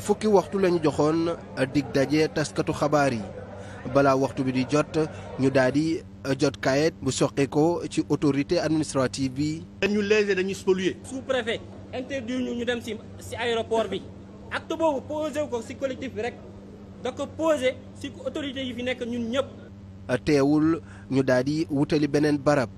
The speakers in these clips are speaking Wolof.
fukki waxtu lañu joxoon dig daje taskatu xabaar yi balaa waxtu bi di jot ñu daldi jot kayit bu soqe ko ci autorité administrative bi. dañu léser dañu spolier. sous préfet interdit ñu dem si si aéroport bi acte boobu posé ko si collectif bi rek da ko posé si autorité yi fi nekk ñun ñëpp. teewul ñu daal di wutali beneen barab.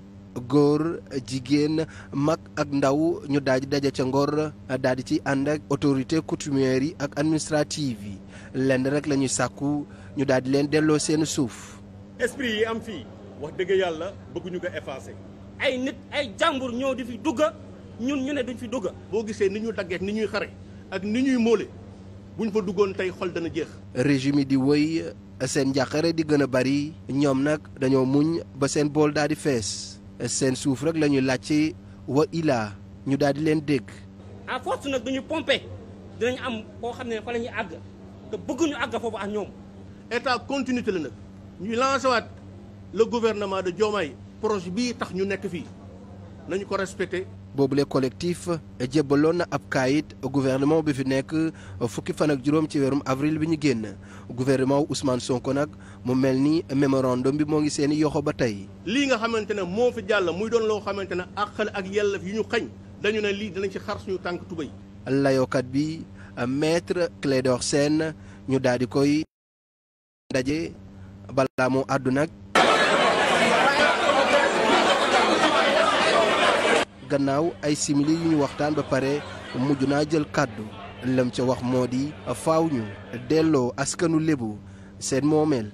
góor jigéen mag ak ndaw ñu daal di daje ca Ngor daal di ci ànd ak autorité coutumière yi ak administrative yi lenn rek lañuy ñuy sàkku ñu daal di leen delloo seen suuf. esprit yi am fii wax dëgg yàlla bëgguñu ko effacer. ay nit ay jàmbur ñoo di fi dugga ñun ñu ne duñ fi dugga boo gisee ni ñu daggee ni ñuy xare ak ni ñuy móole buñ fa duggoon tey xol dana jeex. régime yi di wëy seen njàqare di gën a bari ñoom nag dañoo muñ ba seen bool daal di fees. seen suuf rek lañuy laaj laajte wa ilaa ñu daal di leen dégg. à force nag du ñu pompé dinañ am koo xam ne fa la àgg te bëgguñu àgg foofu ak ñoom. état continuité la nag ñuy lancé waat le gouvernement de Diomaye projet bii tax ñu nekk fii nañu ko respecté boobu boobule collectif jébbaloon na ab kaayit gouvernement bi fi nekk fukki fan ak juróom ci weerum avril bi ñu génn gouvernement wu Ousmane Sonko nag mu mel ni mémorandum bi moo ngi seeni yoxo ba tey. lii nga xamante ne moo fi jàll muy doon loo xamante ne àq ak yelleef yu ñu xañ dañu ne lii dinañ ci xar suñu tànk tubéy. layookat bi maître Clédor Sène ñu daal di koy daje balaa moo àddu nag. gannaaw ay simili yu ñu waxtaan ba pare mujj naa jël kàddu lam ca wax moo di faaw ñu delloo askanu lébu seen moomeel